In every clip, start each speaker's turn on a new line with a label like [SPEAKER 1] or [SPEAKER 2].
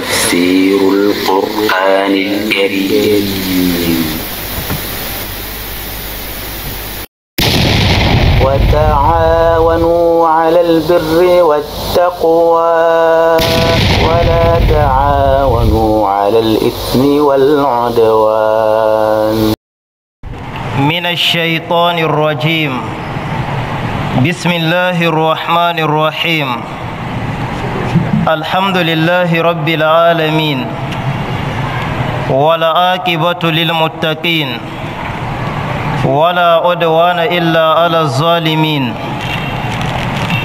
[SPEAKER 1] تفسير القرآن الكريم
[SPEAKER 2] وتعاونوا على البر والتقوى
[SPEAKER 1] ولا تعاونوا على الإثم والعدوان من الشيطان الرجيم بسم الله الرحمن الرحيم الحمد لله رب العالمين ولا عاقبة للمتقين ولا عدوان إلا على الظالمين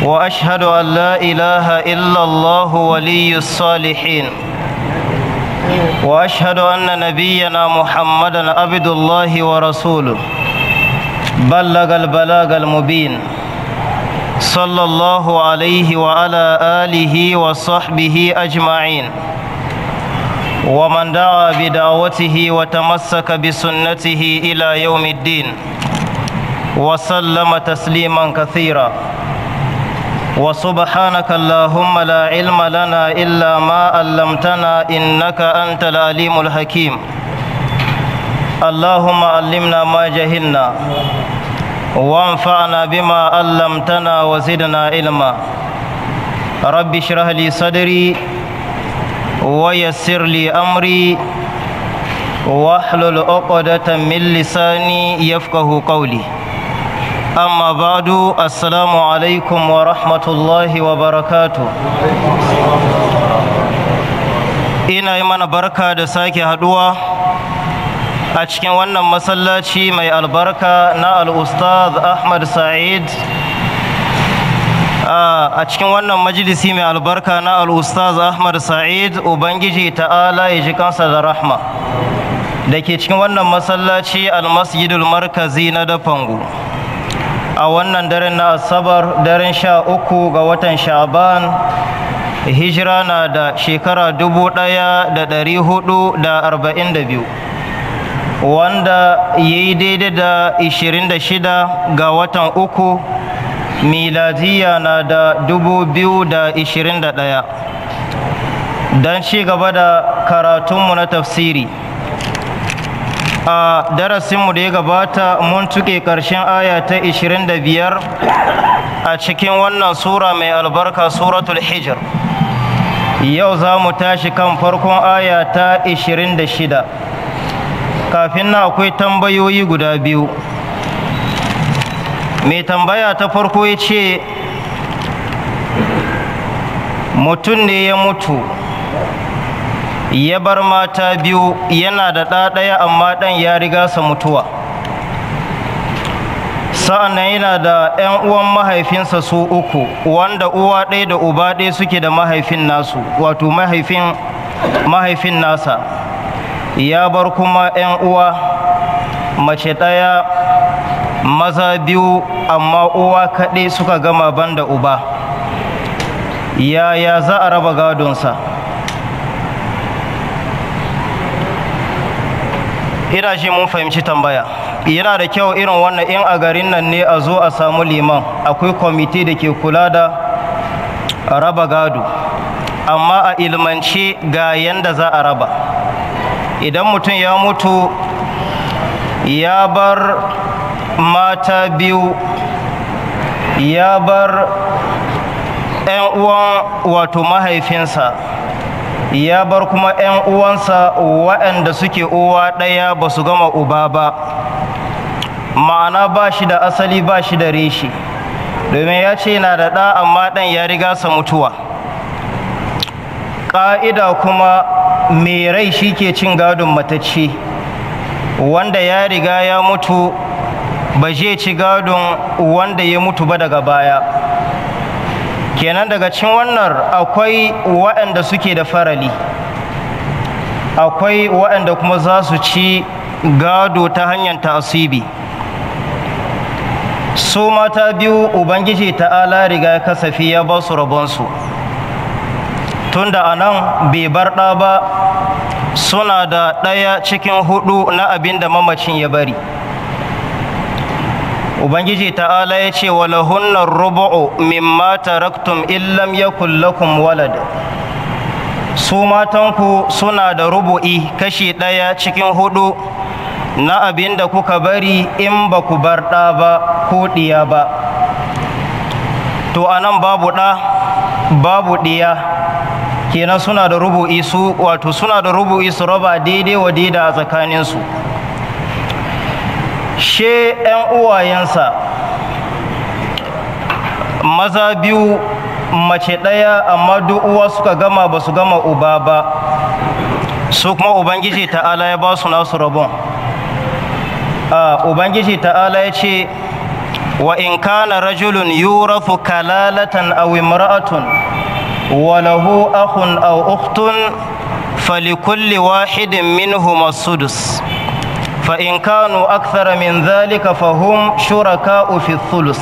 [SPEAKER 1] وأشهد أن لا إله إلا الله ولي الصالحين وأشهد أن نبينا محمدا عبد الله ورسوله بلغ البلاغ المبين صلى الله عليه وعلى آله وصحبه أجمعين ومن دعا بدعوته وتمسك بسنته إلى يوم الدين وسلم تسليما كثيرا وسبحانك اللهم لا علم لنا إلا ما علمتنا إنك أنت العليم الحكيم اللهم علمنا ما جهلنا وانفعنا بما علمتنا وزدنا علما رب اشرح لي صدري ويسر لي امري واحلل عقدة من لساني يفقه قولي اما بعد السلام عليكم ورحمة الله وبركاته ina yi mana barka da sake haduwa a cikin wannan masallaci mai albarka na al'ustaz ahmad sa'id a cikin wannan majalisi mai albarka na al'ustaz ahmad sa'id ubangiji ta'ala ya ji kansa da rahma da ke cikin wannan masallaci almasjidul markazi na dafangu a wannan daren na asabar daren sha uku ga watan sha'aban hijira na da shekara dubu ɗaya da ɗari hudu da arba'in da biyu wanda ya yi daidai da 26 ga watan uku miladiya na da 2021 don ci gaba da karatunmu na tafsiri a darasinmu da ya gabata mun tuke ƙarshen aya ta 25 a cikin wannan sura mai albarka suratul hijr yau za mu tashi kan farkon aya ta 26 kafin na akwai tambayoyi guda biyu mai tambaya ta farko ya ce mutum ne ya mutu ya bar mata biyu yana da ɗaɗaya, amma ɗan ya riga sa mutuwa sa'annan yana da 'yan uwan mahaifinsa su uku wanda uwa ɗaya da uba ɗaya suke da mahaifin nasu wato mahaifin nasa ya bar kuma 'yan uwa mace ɗaya maza biyu amma uwa kaɗai suka gama banda uba yaya za a raba gadonsa ina shi mun fahimci tambaya yana da kyau irin wannan in a garin nan ne a zo a samu liman akwai kwamiti da ke kula da raba gado amma a ilmance ga yanda za a raba idan mutum ya mutu ya bar mata biyu ya bar 'yan uwan wato mahaifinsa ya bar kuma 'yan uwansa waɗanda suke uwa ɗaya ba su gama uba ba ma'ana ba shi da asali ba shi da reshi domin ya ce na da ɗa amma ɗan ya riga sa mutuwa ƙa'ida kuma mai rai shi ke cin gadon matacci wanda ya riga ya mutu ba zai ci gadon wanda ya mutu ba daga baya kenan daga cin wannan akwai waɗanda suke da farali akwai waɗanda kuma za su ci gado ta hanyar ta'asibi su mata biyu ubangiji ta'ala riga kasafi ya ba su rabonsu tunda anan bai bar ɗa ba suna da ɗaya cikin hudu na abin da mamacin ya bari ubangiji ta'ala ya ce wala hunnar rubu'u mata raktum illam kulla lakum walad su matanku suna da rubu'i kashi ɗaya cikin hudu na abin da kuka bari in ba ku bar ɗa ba ko ɗiya ba to anan babu ɗa babu ɗiya kenan suna da rubu'i su wato suna da rubu'i su raba daidai wa daida a tsakaninsu she 'yan uwayensa maza biyu mace ɗaya amma duk uwa suka gama ba su gama uba ba su kuma ubangiji ta'ala ya ba su nasu rabon ubangiji ta'ala ya ce wa in kana rajulun yurathu kalalatan awi imra'atun وله أخ أو أخت فلكل واحد منهما السدس فإن كانوا أكثر من ذلك فهم شركاء في الثلث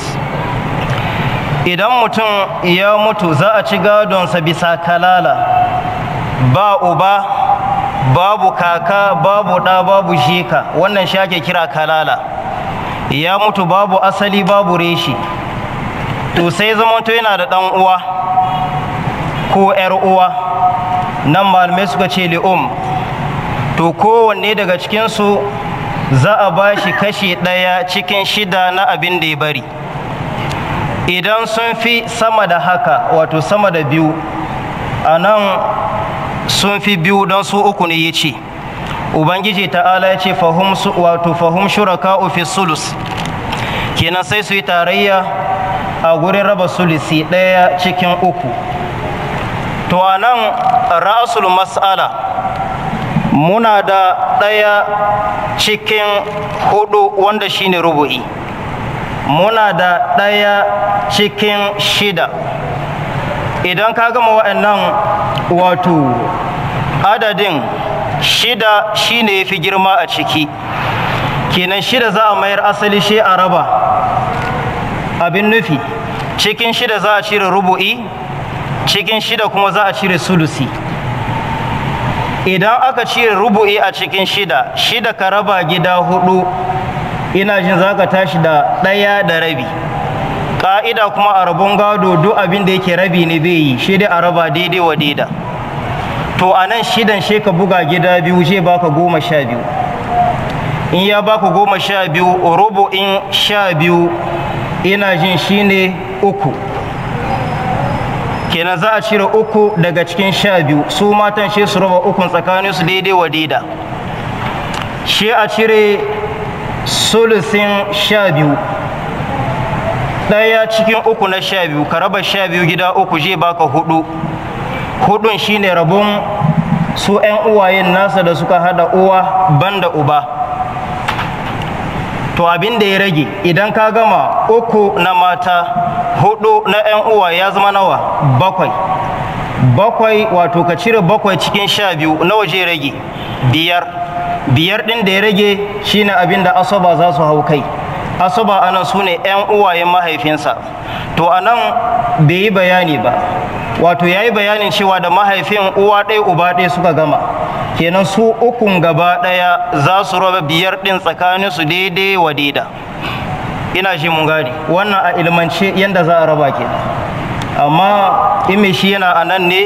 [SPEAKER 1] idan mutum ya mutu za a ci gadonsa bisa kalala ba uba babu kaka babu ɗa babu shika wannan shi ake kira kalala ya mutu babu asali babu reshi to sai zamanto yana da ɗan uwa ko ‘yar uwa nan malamai suka ce li'um to kowanne daga cikinsu za a ba shi kashi ɗaya cikin shida na abin da ya bari idan sun fi sama da haka wato sama da biyu a nan sun fi biyu don su uku ne ya ce ubangiji ta'ala ya ce wato fahim shuraka ofis sulus kenan sai su yi tarayya a gurin raba sulusi ɗaya cikin uku to nan ra'asul mas'ala muna da ɗaya cikin hudu wanda shine rubu'i muna da ɗaya cikin shida idan ka gama wa'annan wato adadin shida shine yafi girma a ciki kenan shida za a mayar asali shi a raba abin nufi cikin shida za a cire rubu'i cikin shida kuma za a cire sulusi idan aka cire rubu'i a cikin shida shida ka raba gida hudu ina jin za ka tashi da ɗaya da rabi ƙa'ida kuma a rabon gado duk abin da yake rabi ne bai yi shi dai a raba daidai wa daida to a nan shidan shi ka buga gida biyu zai baka goma sha biyu in ya baka goma sha biyu rubu'in sha biyu ina jin shi ne uku kenan za a cire uku daga cikin sha biyu su matan shi su raba ukun tsakaninsu daidai wa daida shi a cire sulusin sha biyu ɗaya cikin uku na sha biyu ka raba sha biyu gida uku zai baka hudu hudun shine rabon su 'yan uwayen nasa da suka hada uwa ban da uba to abin da ya rage idan ka gama uku na mata hudu na 'yan uwa ya zama nawa bakwai bakwai wato ka cire bakwai cikin sha biyu na waje rage biyar biyar ɗin da ya rage shine abin da asaba za su hau kai asaba anan su ne 'yan uwayen mahaifinsa to a nan bai yi bayani ba wato ya yi bayanin cewa da mahaifin uwa ɗaya uba ɗaya suka gama kenan su ukun gaba ɗaya za su raba biyar ɗin tsakaninsu daidai wa daida ina shi mun gari wannan a ilmance yanda za a raba ke amma in shi yana anan ne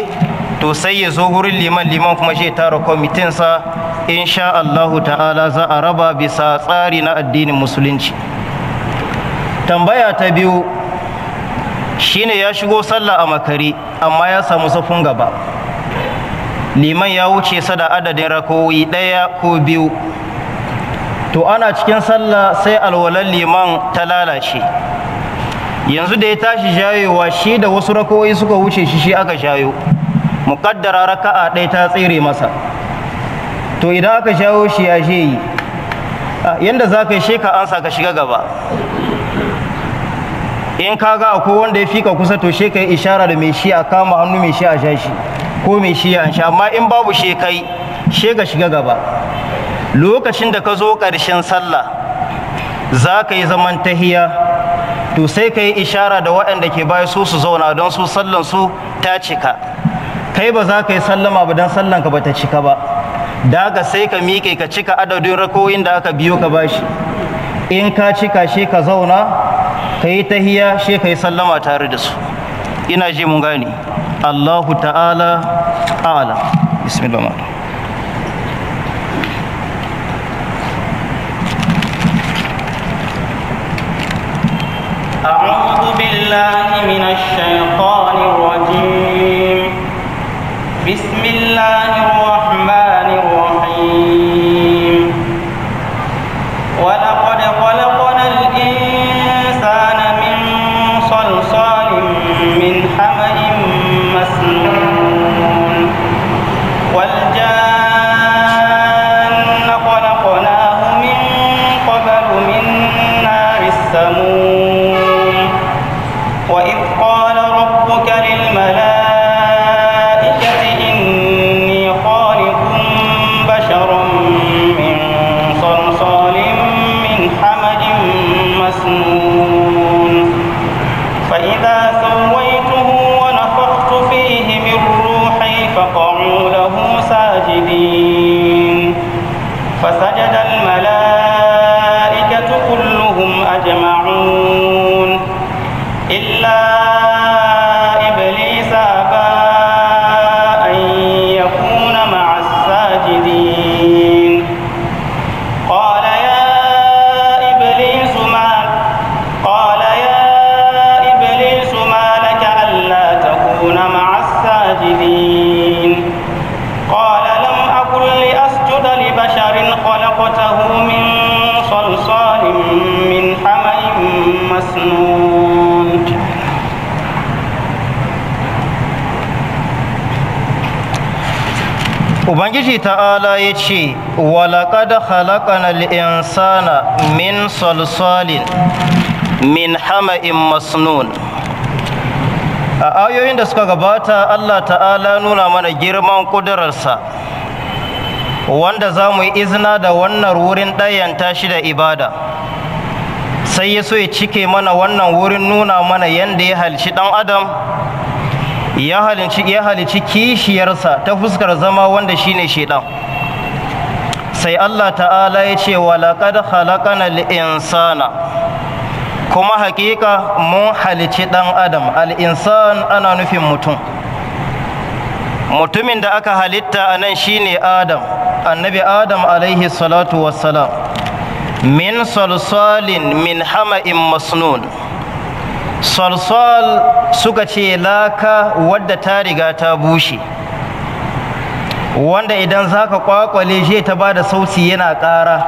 [SPEAKER 1] to sai ya zo gurin liman liman kuma shi tara kwamitinsa insha Allahu ta'ala za a raba bisa tsari na addinin musulunci tambaya ta biyu shine ya shigo sallah a makare amma ya samu safun gaba liman ya wuce sada adadin rakowi ɗaya ko biyu to ana cikin sallah sai alwalar liman ta lalace yanzu da ya tashi jayewa shi da wasu rakoyi suka wuce shi shi aka shayo muƙaddara raka'a ɗaya ta tsere masa to idan aka shayo shi ya je yi ah, yadda za ka yi sheka ansa ka shiga gaba in ka ga akwai wanda ya fika kusa to sheka yi ishara da mai shi a kama hannu mai shi a sha shi ko mai shi a sha amma in babu shekai she ka shiga gaba lokacin da ka zo ƙarshen sallah za ka yi zaman tahiya to sai ka yi ishara da waɗanda ke baya su su zauna don su sallan su ta cika kai ba za ka yi sallama ba don sallan ka ba ta cika ba daga sai ka miƙe ka cika adadin rakoyin da aka biyo ka bashi in ka cika shi ka zauna ka yi tahiya shi ka yi sallama tare da su ina ji mun gane Allahu ta'ala a'ala bismillah
[SPEAKER 2] بالله من الشيطان الرجيم بسم الله الرحمن
[SPEAKER 1] ya ce walaƙad halaƙanal insana min salsalin min hama'in masnun a ayoyin da suka gabata Allah ta'ala nuna mana girman ƙudurarsa wanda za mu yi izina da wannan wurin ɗayanta shi da ibada sai ya so ya cike mana wannan wurin nuna mana yadda ya halci ɗan adam ya halici kishiyarsa ta fuskar zama wanda shine shaidan sai Allah ta'ala ya ce walaƙad halaƙan al'insana? kuma hakika mun halici ɗan adam al'insan ana nufin mutum mutumin da aka halitta a nan shine adam annabi adam alaihi salatu wassalam min salsalin min hama'in masnun salsal suka ce laka wadda ta riga ta bushe wanda idan za ka kwakwale shi ta bada sauti yana ƙara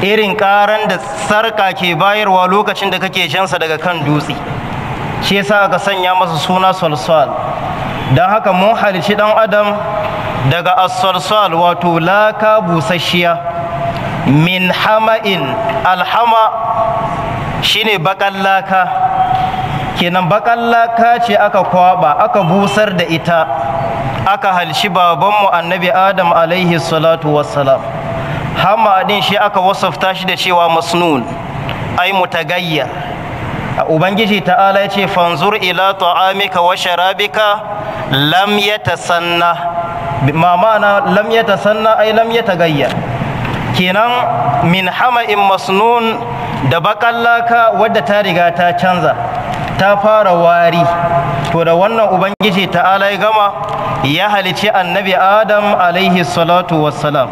[SPEAKER 1] irin ƙaran da sarka ke bayarwa lokacin da kake shansa daga kan dutse shi yasa aka sanya masa suna salsal don haka mun halici ɗan adam daga asalsal wato laka busasshiya min hama'in alhama shine bakan laka kenan bakan laka ce aka kwaba aka busar da ita aka halshi babanmu annabi adam alaihi salatu wassalam hamma din shi aka wasafta shi da cewa masnun ai mutagayya ubangiji ta'ala ya ce fanzur ila ta'amika wa sharabika lam yatasanna ma ma'ana lam yatasanna ai lam yatagayya kenan min hama'in masnun da bakallaka laka wadda ta riga ta canza ta fara wari to da wannan ubangiji ta'ala ya gama ya halice annabi adam alaihi salatu wassalam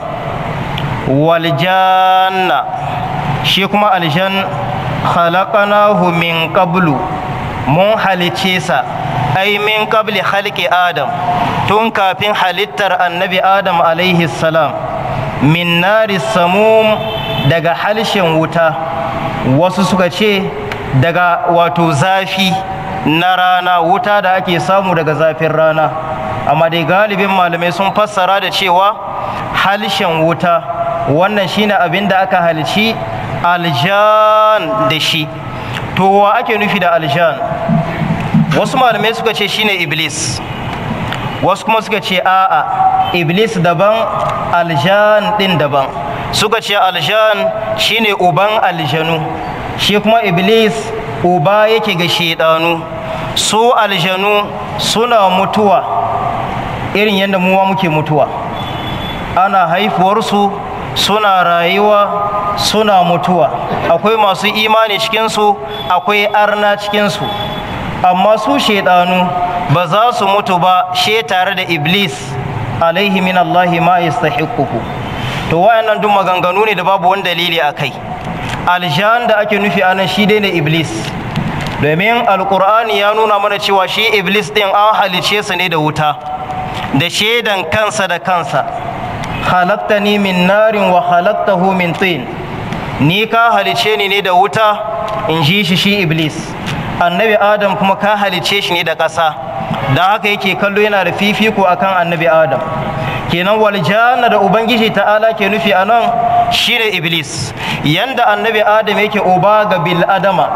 [SPEAKER 1] waljanna shi kuma aljan khalaqanahu min qablu mun halice sa ai min qabli khalqi adam tun kafin halittar annabi adam alaihi salam min nari samum daga halshen wuta wasu suka ce daga wato zafi na rana wuta da ake samu daga zafin rana amma dai galibin malamai sun fassara da cewa halshen wuta wannan shine abin da aka halci aljan da shi to wa ake nufi da aljan wasu malamai suka ce shine iblis wasu kuma suka ce a'a iblis daban aljan din daban suka ce aljan shine uban aljanu shi kuma iblis uba yake ga shaidanu su aljanu suna mutuwa irin yadda muwa muke mutuwa ana haifuwarsu suna rayuwa suna mutuwa akwai masu imani cikinsu akwai arna cikinsu amma su shaidanu ba za su mutu ba she tare da iblis alaihi min allahi ma yastahiquhu to wayannan duk maganganu ne da babu wani dalili a kai aljan da ake nufi anan shi dai ne iblis domin alkur'ani ya nuna mana cewa shi iblis ɗin an halice sa ne da wuta da shaidan kansa da kansa halaktani min narin wa hu min tin ni ka halice ni ne da wuta in ji shi shi iblis annabi adam kuma ka halice shi ne da ƙasa don haka yake kallo yana da fifiko akan annabi adam kenan waljana da ubangiji ta'ala ke nufi anan? Shi shine iblis yanda annabi adam yake uba ga bil'adama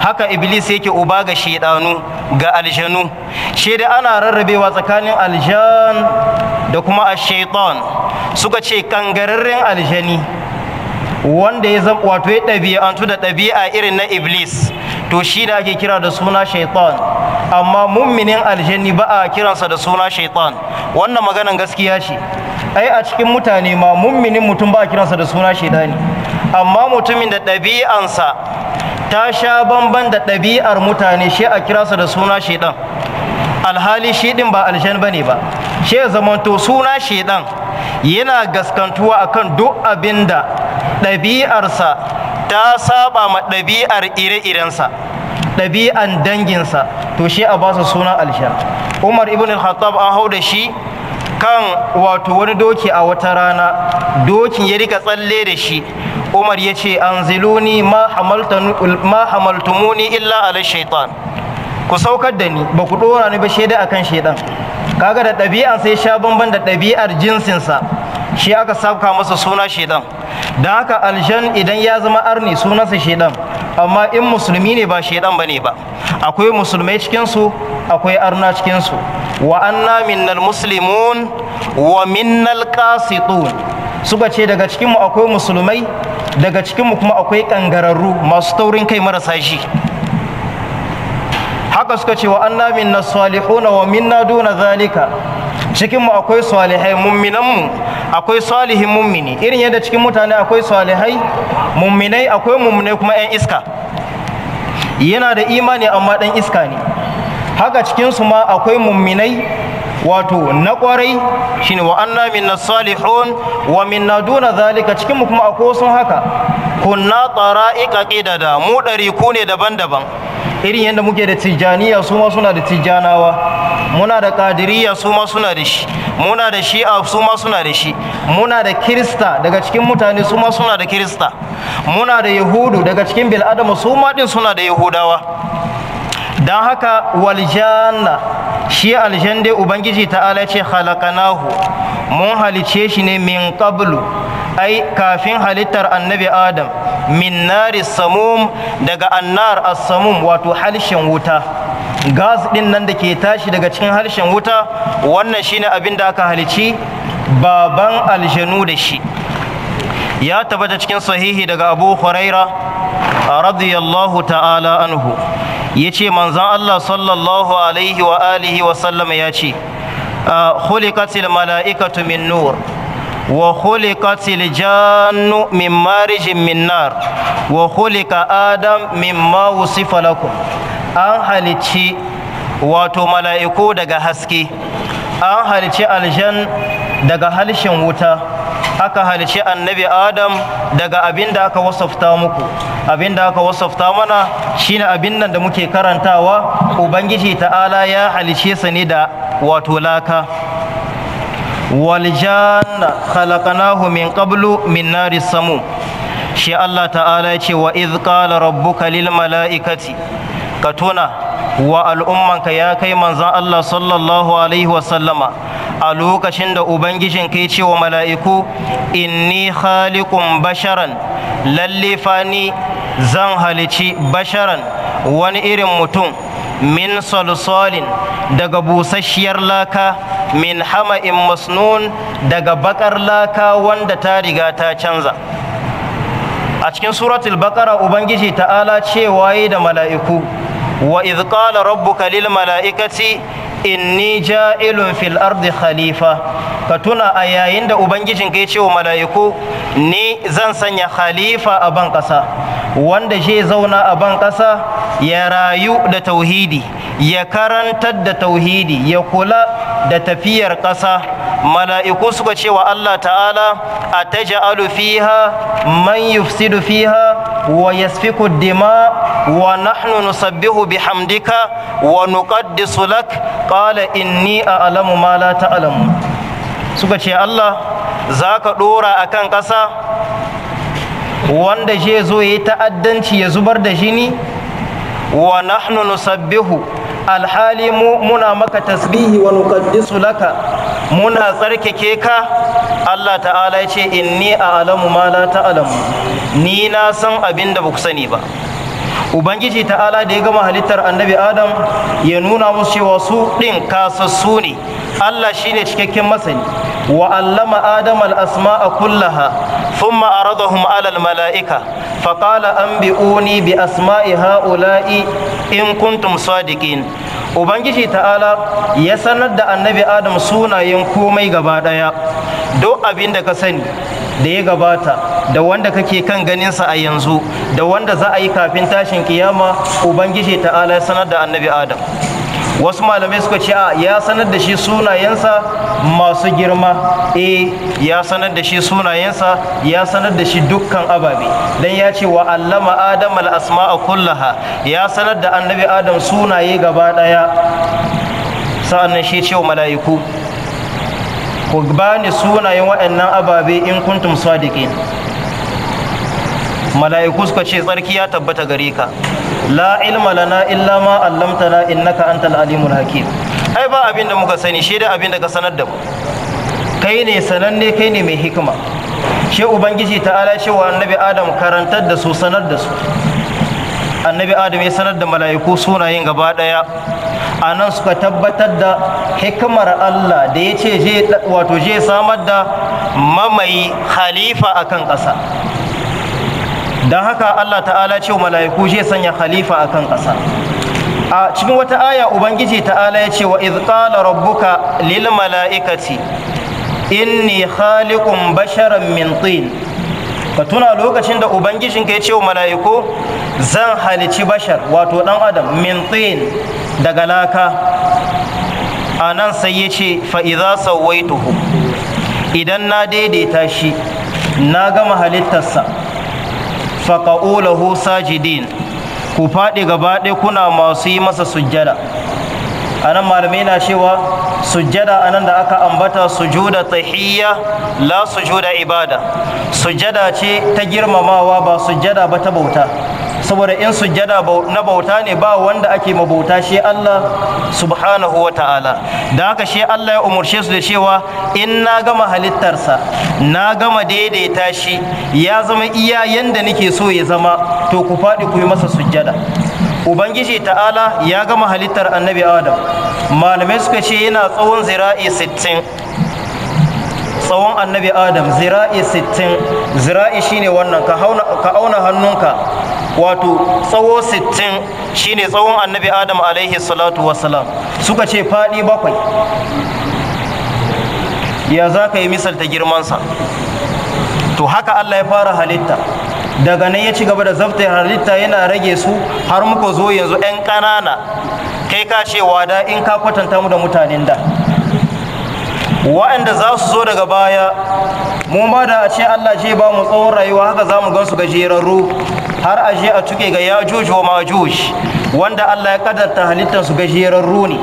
[SPEAKER 1] haka iblis yake uba ga shaidanu ga aljanu shi da ana rarrabewa tsakanin aljan da kuma shaitan suka ce kangararren aljani wanda ya zama wato ya ɗabi'antu da ɗabi'a irin na iblis to shi da ake kira da suna shaitan amma mumminin aljanni ba a kiransa da suna shaitan wannan maganan gaskiya ce ai a cikin mutane ma mumminin mutum ba a kiransa da suna shaidani amma mutumin da ɗabi'ansa ta sha bamban da ɗabi'ar mutane shi a kiransa da suna shaidan alhali shi din ba alshan bane ba shi ya zamanto suna shaidan yana gaskantuwa akan duk abin da ɗabi'arsa ta saba ma ɗabi'ar ire-irensa ɗabi'an danginsa to shi a basa suna alshan umar ibn al-khattab an hau da shi kan wato wani doki a wata rana dokin ya rika tsalle da shi umar ya ce an ziluni ma hamaltumuni illa ala shaitan ku saukar da ni ba ku ɗora ni ba shaida akan shaidan kaga da ɗabi'an sai sha bamban da ɗabi'ar jinsinsa shi aka sabka masa suna shaidan, da haka aljan idan ya zama arni sunansa shaiɗan, amma in musulmi ne ba shaidan bane ba akwai musulmai cikinsu akwai arna cikinsu wa anna minnal muslimun wa minnal qasitun suka ce daga cikinmu akwai musulmai daga cikinmu kuma akwai kangararru masu taurin kai marasa shi haka suka ce wa anna minnas salihuna wa minna duna zalika cikinmu akwai salihai mu akwai salihin mummini irin yadda cikin mutane akwai salihai mumminai akwai mumminai kuma 'yan iska yana da imani amma ɗan iska ne haka cikin su ma akwai mumminai wato na kwarai shine wa anna minna salihun wa minna duna zalika cikin mu kuma akwai wasu haka kunna tsara'iƙa ƙidada mu ɗari ku ne daban-daban irin yadda muke da tijjaniya su ma suna da tijjanawa muna da ƙadiriya su ma suna da shi muna da shi'a su ma suna da shi muna da kirista daga cikin mutane su ma suna da kirista muna da yahudu daga cikin bil'adama su ma ɗin suna da yahudawa don haka waljanna shi aljan dai ubangiji ta'ala ce khalaqanahu mun halice shi ne min qablu ai kafin halittar annabi adam min nari samum daga annar as-samum wato halshen wuta gas din nan da ke tashi daga cikin halshen wuta wannan shine abin da aka halici baban aljanu da shi ya tabbata cikin sahihi daga abu huraira radiyallahu ta'ala anhu ya ce manzan Allah sallallahu alaihi wa alihi wa sallam ya ce khuliqatil mala'ikatu min nur wa hulikatil jannu min marijin min nar wa hulika adam min ma wusifa lakum an halicci wato mala'iku daga haske an halicci aljan daga halshen wuta aka halice annabi adam daga abin da aka wasafta muku abin da aka wasafta mana shine abin nan da muke karantawa ubangiji ta'ala ya halice sa ne da wato laka waljanna khalaqnahu min qablu min nari samum shi Allah ta'ala ya ce wa iz qala rabbuka lil mala'ikati ka tuna wa al'ummanka ya kai manzan Allah sallallahu alaihi wasallama a lokacin da ubangijin kai ce wa mala'iku inni khaliqun basharan lalle fani zan halici basharan wani irin mutum min solsolin daga busasshiyar laka min hama'in masnun daga bakar laka wanda ta riga ta canza a cikin suratul bakara ubangiji ta'ala cewa da mala'iku wa idh qala rabbuka lil mala'ikati inni ja'ilun fil ardi khalifa ka tuna a yayin da ubangijin ka ya ce wa mala'iku ni zan sanya khalifa a ban ƙasa wanda shi zauna a ban ƙasa ya rayu da tauhidi ya karantar da tauhidi ya kula da tafiyar ƙasa mala'iku suka ce wa Allah ta'ala a ta fiha man yufsidu fiha wa yasfiku dima wa nahnu nusabbihu bihamdika wa nuqaddisu lak qala inni a'lamu ma la ta'lamu suka ce Allah zaka dora akan ƙasa wanda shi zo ya yi ta'addanci ya zubar da jini wa nahnu nusabbihu alhali mu muna maka tasbihi wa nuqaddisu laka muna tsarkake ka Allah ta'ala ya ce inni a'lamu ma la ta'lamu ni na san abin da baku sani ba ubangiji ta'ala da ya gama halittar annabi adam ya nuna musu cewa su din kasassu ne Allah shine cikakken masani wa allama adam asmaa kullaha sun aradahum ala al-mala'ika fa qala anbi'uni bi asma'i ha'ula'i in kuntum sadiqin ubangiji ta'ala ya sanar da annabi adam sunayen komai gaba ɗaya. duk abin da ka sani da ya gabata da wanda kake kan ganinsa a yanzu da wanda za a yi kafin tashin kiyama ubangiji ta'ala ya sanar da annabi adam wasu malamai suka ce a ya sanar da shi sunayensa masu girma e ya sanar da shi sunayensa ya sanar da shi dukkan ababe dan ya ce wa allama adam al a kullaha ya sanar da annabi adam sunaye gaba daya sa'annan shi ce wa mala'iku ku bani sunayen waɗannan ababe in kuntum sadiqin mala'iku suka ce tsarki ya tabbata gare ka la ilma lana illa ma allamtana innaka antal alimul hakim ai ba abin da muka sani shi da abin da ka sanar da mu kai ne sananne kai ne mai hikima shi ubangiji ta'ala wa annabi adam karantar da su sanar da su annabi adam ya sanar da mala'iku sunayen gaba daya a nan suka tabbatar da hikimar allah da ya ce wato je samar da mamayi khalifa akan ƙasa don haka Allah ta'ala ce mala'iku zai sanya khalifa kan ƙasa a cikin wata aya ubangiji ta'ala ya ce wa iz rabbuka lil mala'ikati inni khaliqun basharan min tin ka tuna lokacin da ubangijinka ya ce wa mala'iku zan halici bashar wato dan adam min tin daga laka a nan sai ya ce fa'iza sauwaituhu idan na daidaita shi na gama halittarsa faƙa'u sajidin ku faɗi gaba ɗaya kuna masu yi masa sujjada a nan malamai na cewa sujjada a nan da aka ambata sujuda tahiyya la sujuda ibada sujjada ce ta girmamawa ba sujjada ba ta bauta saboda in sujjada na bauta ne ba wanda ake mabauta shi Allah subhanahu wa ta'ala da haka shi Allah ya umarce su da cewa in na gama halittarsa na gama daidaita shi ya zama iya yanda nake so ya zama to ku faɗi ku yi masa sujjada ubangiji ta'ala ya gama halittar annabi adam malamai suka ce yana tsawon zira'i 60 tsawon annabi adam zira'i 60 zira'i shine wannan ka auna hannunka wato tsawo 60 shine tsawon annabi adam alaihi salatu wasalam suka ce faɗi bakwai ya za ka yi misalta girmansa to haka allah ya fara halitta daga nan ya ci gaba da zafta halitta yana rage su har muka zo yanzu 'yan ƙanana kai ka ce wada in ka kwatanta mu da mutanen da wa'anda za su zo daga baya mu ma da a ce Allah ce ba mu tsawon rayuwa haka za mu gansu gajerarru har a je a tuke ga ya yajuj wa majuj wanda Allah ya kadarta halittar su gajerarru ne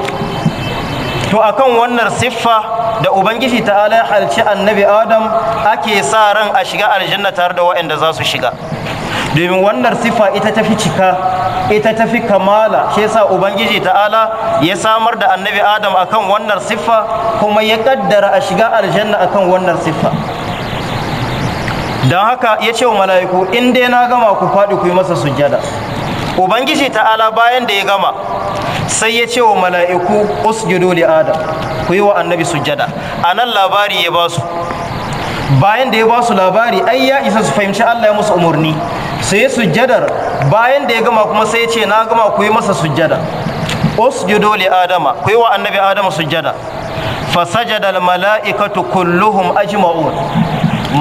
[SPEAKER 1] to akan wannan siffa da ubangiji ta'ala ya halci annabi adam ake sa ran a shiga aljanna tare da wa'anda za su shiga domin wannan sifa ita tafi cika ita tafi kamala shi yasa ubangiji ta'ala ya samar da annabi adam akan wannan siffa kuma ya kaddara a shiga aljanna akan wannan sifa don haka ya ce wa mala'iku in dai na gama ku faɗi ku yi masa sujjada ubangiji ta'ala bayan da ya gama sai ya ce wa mala'iku usjudu li adam ku yi wa annabi sujjada anan labari ya basu bayan da ya basu labari ai ya isa su fahimci Allah ya musu umarni sai sujjadar bayan da ya gama kuma sai ce na gama ku yi masa sujjada usjudu li adama ku yi wa annabi adama sujjada sajada al mala'ikatu kulluhum ajma'un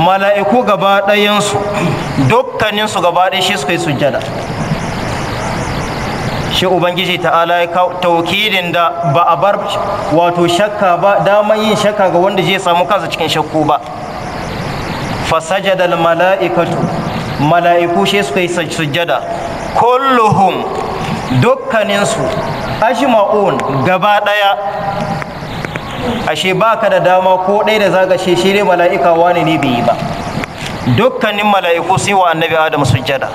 [SPEAKER 1] mala'iku gaba dukkanin dukkaninsu gaba ɗaya shi suka yi sujjada shi ubangiji ta'ala ya taukidin da ba a bar wato shakka ba daman yin shakka ga wanda zai samu kansa cikin shakku ba sajada al mala'ikatu mala'iku shi suka yi sujjada kulluhum dukkaninsu ajma'un gaba daya ashe baka da dama ko ɗaya da zaka shi shi ne mala'ika wani ne bai yi ba dukkanin mala'iku sai wa annabi adam sujjada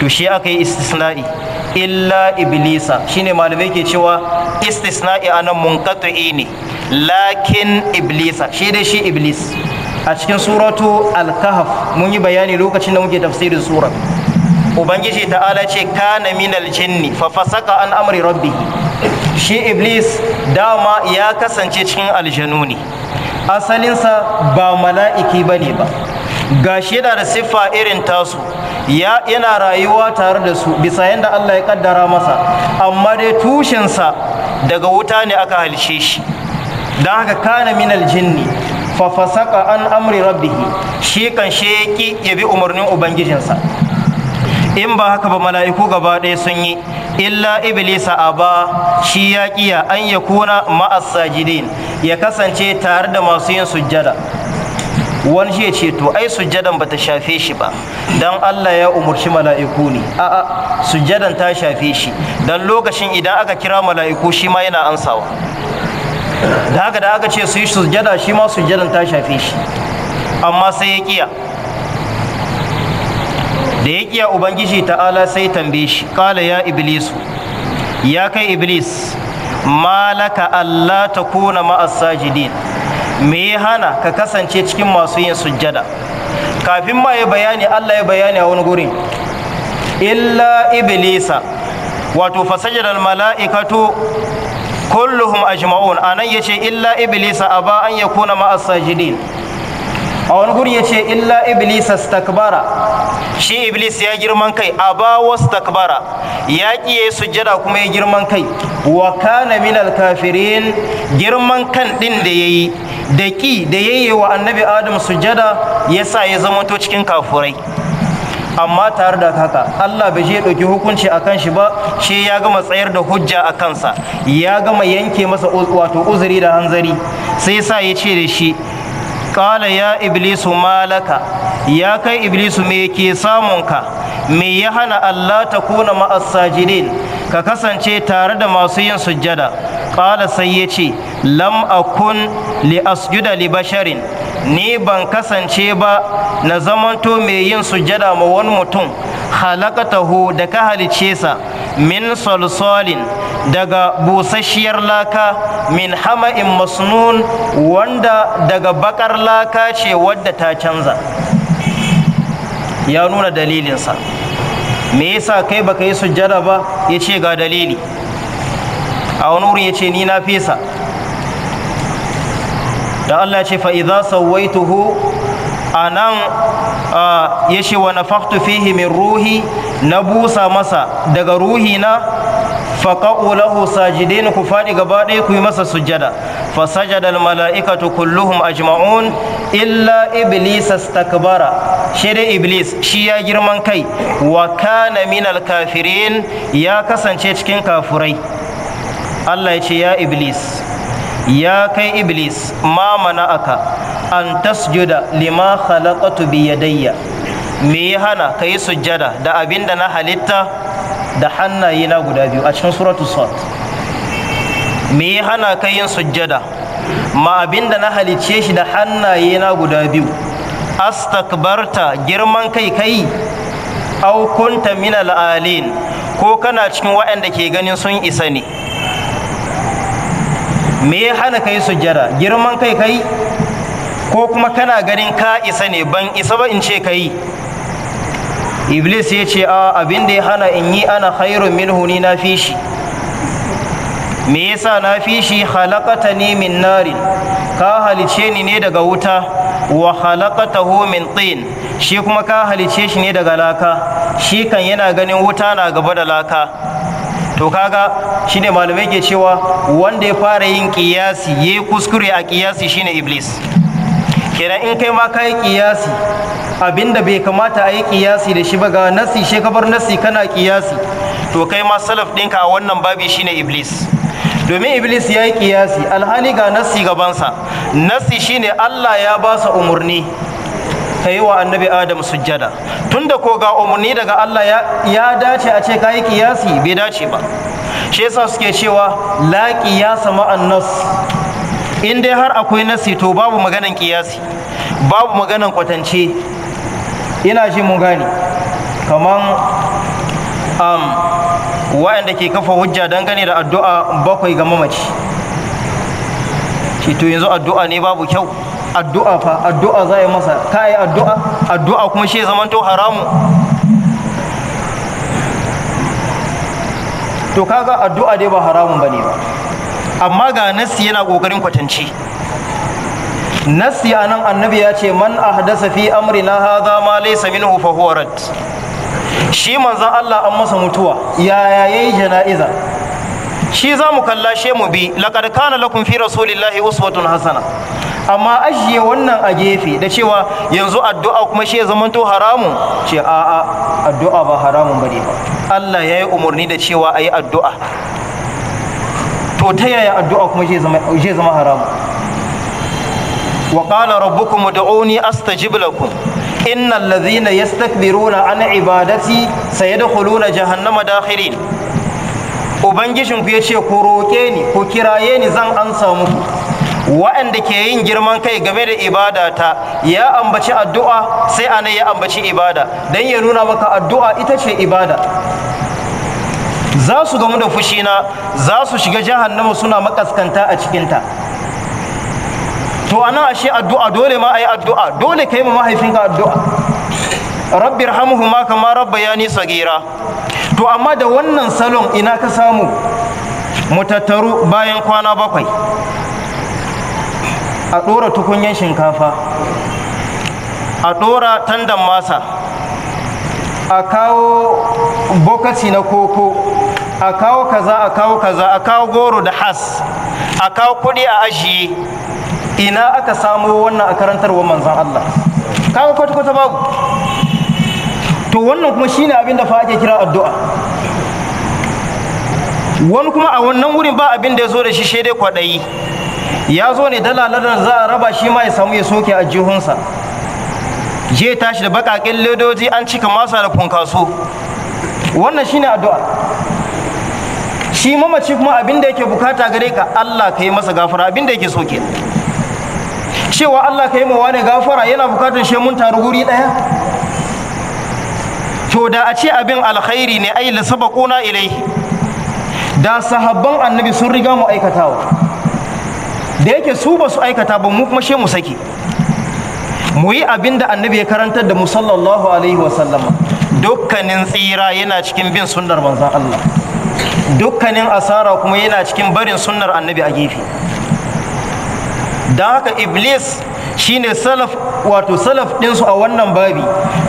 [SPEAKER 1] to shi aka yi istisna'i illa iblisa shine malamai ke cewa istisna'i anan munqati ne lakin iblisa shi dai shi iblis a cikin suratu al-kahf mun yi bayani lokacin da muke tafsirin surar ubangiji ta'ala ce kana minal jinni fa fasaka an amri rabbi shi iblis dama ya kasance cikin aljanu ne asalinsa ba mala'iki bane ba gashi yana da siffa irin tasu ya yana rayuwa tare da su bisa yadda Allah ya kaddara masa amma dai tushensa daga wuta ne aka halshe shi don haka kana minal jinni fafasaka an amri rabbihi shi kan sheki ya bi umarnin ubangijinsa in ba haka ba mala'iku gaba ɗaya sun yi illa iblisa aba shi ya kiya an ya kuna Ma'asa ya kasance tare da masu yin sujjada wani shi ya ce to ai sujjadan ba ta shafe shi ba don Allah ya umarci mala'iku ne a'a sujjadan ta shafe shi don lokacin idan aka kira mala'iku shi ma yana ansawa da haka da aka ce su yi sujjada shi ma sujadan ta shafe shi amma sai ya kiya da ya kiya ubangiji ta'ala sai tambaye shi kala ya iblisu ya kai iblis malaka allah ta kuna ma'asa jidin. me ya hana ka kasance cikin masu yin sujada? kafin ma ya bayani allah ya bayani a wani gurin illa iblisa wato fasajadar mala'ikatu kulluhum ajma'un anan yace illa iblisa aba an yakuna ma as-sajidin a wani gurin yace illa iblis astakbara shi iblis ya girman kai aba wastakbara ya kiye sujjada kuma ya girman kai wa kana minal kafirin girman kan din da yayi da ki da yayi wa annabi adam sujjada yasa ya zama to cikin kafurai amma tare da haka Allah bai je ɗauki hukunci akan shi ba shi ya gama tsayar da hujja a kansa ya gama yanke masa wato uzuri da hanzari sai sa ya ce da shi ƙala ya iblisu malaka ya kai iblisu me samun ka? me ya hana Allah ta kuna ma'asajidin ka kasance tare da masu yin sujjada ƙala sai ya ce lam akun li asjuda li basharin ni ban kasance ba na zamanto mai yin sujada ma wani mutum halakatahu da ka halice sa min solsolin daga busasshiyar laka min hama'in masnun wanda daga bakar laka ce wadda ta canza ya nuna dalilinsa me yasa kai baka yi sujada ba ya ce ga dalili a wani wurin ya ce ni na fesa da Allah ce fa idza sawaituhu anan yace wa nafakhtu fihi min ruhi na busa masa daga ruhi na faqa'u lahu sajidin ku faɗi gaba ɗaya ku yi masa sujjada fa sajada al mala'ikatu kulluhum ajma'un illa iblis astakbara shi dai iblis shi ya girman kai wa kana min al kafirin ya kasance cikin kafurai Allah ya ce ya iblis ya kai iblis ma aka an tasjuda lima khalaqatu bi yadayya me ya hana ka yi sujjada da abin na halitta da hannaye na guda biyu a cikin suratul sad me ya hana ka yin sujjada ma abin na halicce shi da hannaye na guda biyu astakbarta girman kai kai au kunta min alin ko kana cikin waɗanda ke ganin sun isa ne me ya hana kai sujjada girman kai kai ko kuma kana ganin ka isa ne ban isa ba in ce kai iblis ya ce a abin da ya hana in yi ana khairun minhu ni na fi shi me yasa na fi shi halakata ne min narin ka halice ni ne daga wuta wa hu min tsin shi kuma ka halice shi ne daga laka shi kan yana ganin wuta na gaba da laka to kaga shine malamai ke cewa wanda ya fara yin kiyasi ya yi kuskure a kiyasi shine iblis kenan in kai ma ka yi kiyasi abinda bai kamata a yi kiyasi da shi ba ga nasi shekabar nasi kana kiyasi to kai ma salaf ɗinka a wannan babi shine iblis domin iblis ya yi kiyasi alhali ga nasi gabansa nasi shine allah ya ba su umarni ka yi wa annabi adam sujjada tunda ko ga umarni daga Allah ya dace a ce ka yi kiyasi bai dace ba shi yasa suke cewa la kiyasa ma'an nas in dai har akwai nasi to babu maganan kiyasi babu maganan kwatance ina ji mun gane kaman um, wa'anda ke kafa hujja dangane da addu'a bakwai ga mamaci to yanzu addu'a ne babu kyau addu'a fa addu'a za a yi masa ka yi addu'a addu'a kuma shi to haramu to kaga addu'a dai ba haramun bane ba amma ga nasi yana kokarin kwatance nasi anan annabi ya ce man ahdasa fi amrina hadha ma laysa minhu fa huwa shi manzon Allah an masa mutuwa yaya yayin jana'iza shi za mu kalla she mu bi laqad kana lakum fi rasulillahi uswatun hasana amma ajiye wannan a gefe da cewa yanzu addu'a kuma shi ya to haramun ce a'a addu'a ba haramun bane ba Allah ya yi umarni da cewa a yi addu'a to ta yaya addu'a kuma shi ya zama haramun wa qala rabbukum ud'uni astajib lakum ya ladhina yastakbiruna an ibadati sayadkhuluna jahannama dakhirin ubangijinku ya ce ku roƙe ni ku kiraye ni zan ansa muku waɗanda ke yin girman kai game da ibada ta ya ambaci addu'a sai ana ya ambaci ibada don ya nuna maka addu'a ita ce ibada za su gamu da fushina za su shiga jahannama suna makaskanta a cikinta to ana ashe addu'a dole ma a yi addu'a dole ka yi ma mahaifinka addu'a rabbi rahamuhu ma kama rabba ya nisa gira to amma da wannan salon ina ka samu mu tattaru bayan kwana bakwai a ɗora tukunyen shinkafa a ɗora tandan masa a kawo bokati na koko a kawo kaza a kawo kaza a kawo goro da has a kawo kuɗi a ajiye ina aka samu wannan a karantarwa manzan Allah kawo kwata-kwata babu to wannan kuma ne abin da fa ake kira addu'a wani kuma a wannan wurin ba abin da ya zo da shi shaidai kwaɗayi ya zo ne dala ladar za a raba shi ma ya samu ya soke a jihunsa je tashi da bakakin ledoji an cika masa da funkaso wannan shine addu'a shi mamaci kuma abin da yake bukata gare ka Allah ka yi masa gafara abin da yake so ke cewa Allah ka yi ma wani gafara yana bukatar shi mun taru guri daya to da a ce abin alkhairi ne ai lasabaquna ilai da sahabban annabi sun riga mu aikatawa da yake su ba su aikata ba mu kuma she mu saki mu yi abin da annabi ya karanta da mu sallallahu alaihi sallama dukkanin tsira yana cikin bin sunnar manzan Allah dukkanin asara kuma yana cikin barin sunnar annabi a gefe don haka iblis shine salaf wato salaf ɗinsu a wannan babi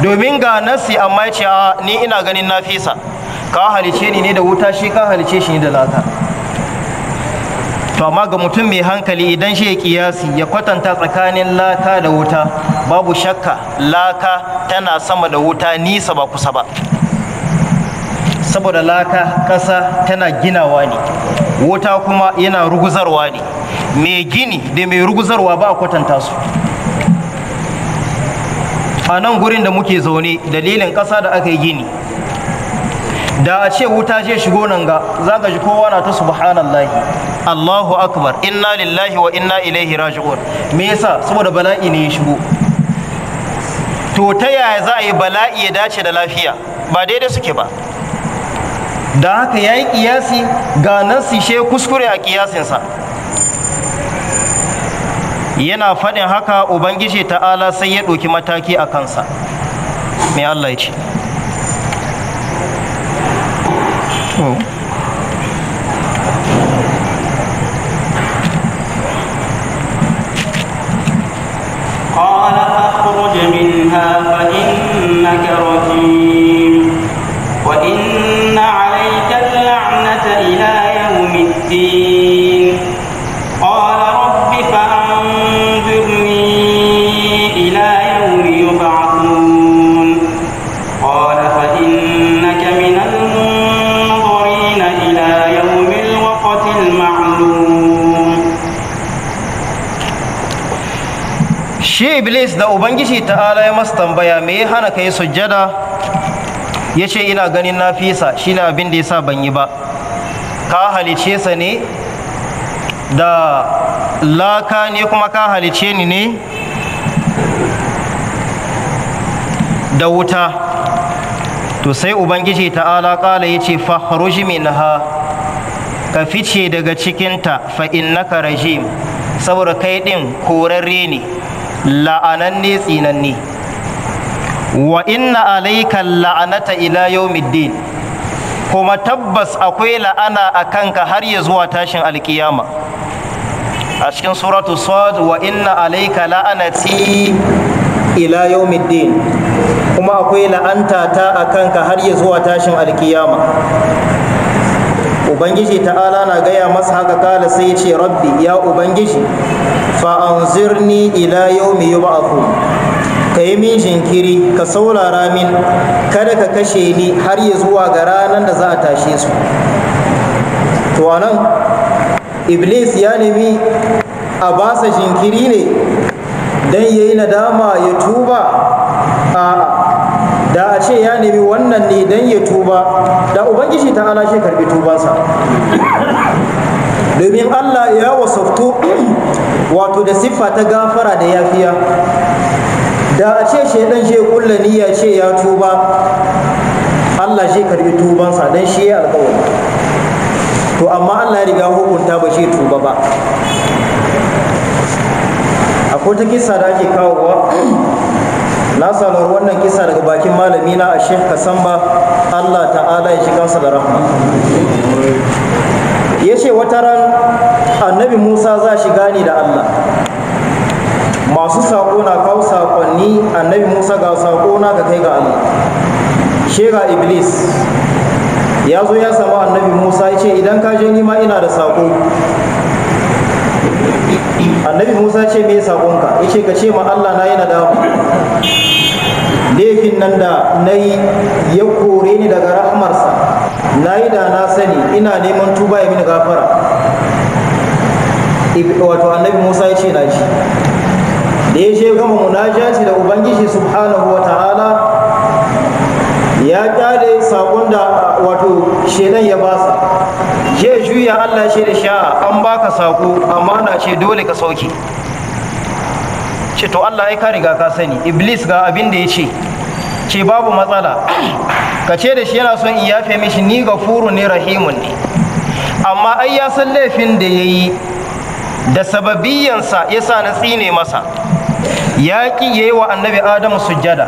[SPEAKER 1] domin ga nasi amma ya ce ni ina ganin nafisa ka halice ni ne da wuta shi ka halice shi ne da lata to amma ga mutum mai hankali idan shi ya kiyasi ya kwatanta tsakanin laka da wuta babu shakka laka tana sama da wuta nisa ba kusa ba saboda laka ƙasa tana ginawa ne wuta kuma yana ruguzarwa ne mai gini da mai ruguzarwa ba a kwatanta su a nan gurin da muke zaune dalilin ƙasa da aka yi gini da a ce wuta ce shigo nan ga za ji kowa na ta subhanallahi Allahu akbar inna lillahi wa inna ilaihi raji'un me yasa saboda bala'i ne ya shigo to ta yaya za a yi bala'i ya dace da lafiya ba daidai suke ba da haka yayi yi kiyasi ga nasi she kuskure a ƙiyasinsa? yana faɗin haka ubangiji ta'ala sai ya ɗauki mataki a kansa Me Allah ya ce iblis da ubangiji ala ya masa tambaya me ya hana kai sujjada ya ce ina ganin na fisa shi ne abin da ya sa ban yi ba ka halice sa ne da laka ne kuma ka halice ni ne da wuta to sai ubangiji ala kala ya ce na ha ka fice daga cikinta fa'in ka rajim saboda kai ɗin korarre ne la'ananne tsinanne wa inna alaika la'anata ila yawmiddin kuma tabbas akwai la'ana a kanka har ya zuwa tashin alkiyama a cikin suratu sad wa inna alaika la'anati ila yawmiddin kuma akwai la'anta ta a kanka har ya zuwa tashin alkiyama ubangiji ta'ala na gaya masa haka kala sai ce rabbi ya ubangiji fa anzirni ila yawmi yub'athu ka yi min jinkiri ka saurara min kada ka kashe ni har ya zuwa ga ranar da za a tashe su to anan iblis ya nemi a basa jinkiri ne don yayi nadama ya tuba a da a ce ya nemi wannan ne don ya tuba da ubangiji ta ala shi karbi tubansa domin allah ya wasaftu wato da siffa ta gafara da yafiya da a ce shaidan shi kulla niyya ce ya tuba allah shi karbi tubansa don shi ya alkawari to amma allah ya riga hukunta ba shi tuba ba akwai ta kisa da ake kawowa na samu wannan kisa daga bakin malami na a sheikh kasamba allah ta'ala ya shiga sa da rahama ya ce wata ran annabi musa za shi gane da allah masu saƙo na kawo saƙonni annabi musa ga saƙo na ga kai ga allah shega iblis ya zo ya samu annabi musa ya ce idan ka je nima ina da saƙo annabi musa ce mai sakonka ya ce ka ce ma allah na yi nadama laifin nan da na yi ya kore ni daga rahmarsa na yi da na sani ina neman tuba ya mini gafara wato annabi musa ya ce na ji da ya je gama munajati da ubangiji subhanahu wa ta'ala ya kyale sakon da wato shedan ya basa ya juya Allah ce da sha an baka sako amma na ce dole ka sauke ce to Allah ya ka riga ka sani iblis ga abin da ya ce ce babu matsala ka ce da shi yana son in yafe mishi ni gafuru ne rahimun ne amma ai ya san laifin da ya yi da sababiyansa ya sa na tsine masa ya ƙi ya yi wa annabi adamu sujjada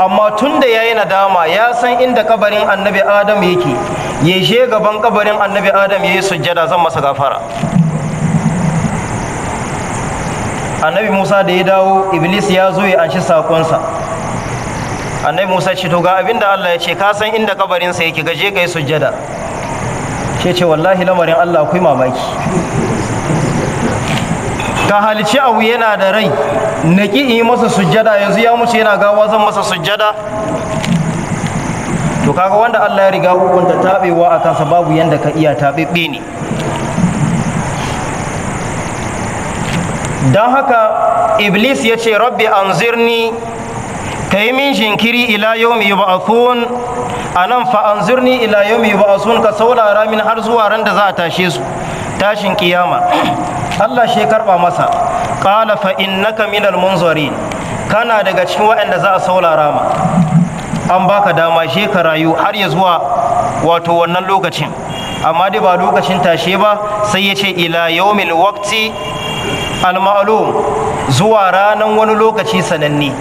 [SPEAKER 1] amma tun da ya yi nadama ya san inda kabarin annabi adamu yake ya she gaban kabarin annabi adam ya yi sujjada zan masa gafara annabi musa da ya dawo iblis ya zo ya anshi sakonsa annabi musa ce to ga abinda allah ya ce ka san inda kabarinsa yake gaje ka yi sujjada shi ce wallahi lamarin allah akwai mamaki ka halici abu yana da rai na in yi masa sujjada yanzu ya mutu yana gawa zan masa sujjada to kaga wanda Allah ya riga hukunta tabewa a kansa babu yanda ka iya tabebbe ne don haka iblis ya ce rabbi anzirni ka yi min jinkiri ila yawmi yub'athun anan fa anzirni ila yawmi yub'athun ka saurara min har zuwa ran da za a tashe su tashin kiyama Allah shi karba masa qala fa innaka minal munzarin kana daga cikin waɗanda za a saurara ma an baka dama shi ka rayu har ya zuwa wato wannan lokacin amma dai ba lokacin tashe ba sai ya ce ila yawmil waqti al-ma'lum zuwa ranan wani lokaci sananne